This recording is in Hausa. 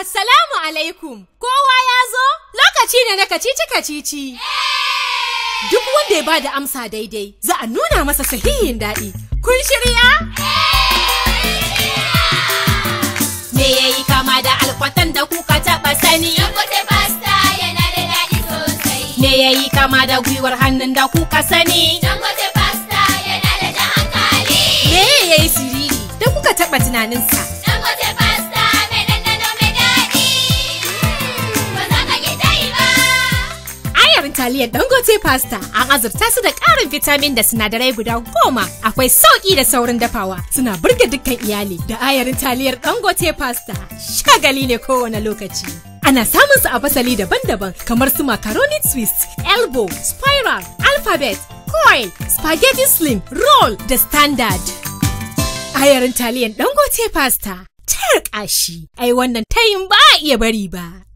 Assalamu alaikum, kowa ya zo? Lokaci ne na kacici-kacici. Duk wanda ya bada amsa daidai, za a nuna masa sahihin daɗi. Kun shirya? Me ya yi kama da alkwatan da kuka taɓa sani? Dangote pasta yana da daɗi sosai. Me ya yi kama da gwiwar hannun da kuka sani? Dangote pasta yana da hankali. Me ya yi siriri da kuka taɓa tunaninsa? nau'in taliyar dangote pasta an azurta su da ƙarin vitamin da sinadarai guda goma akwai sauƙi da saurin dafawa suna burge dukkan iyali da ayarin taliyar dangote pasta shagali ne kowane lokaci. Ana samun su a fasali daban-daban kamar su macaroni twist, elbow, spiral, alphabet, coil, spaghetti slim, roll da standard. Ayarin taliyan dangote pasta, tayar ƙashi, ai wannan tayin ba a iya bari ba.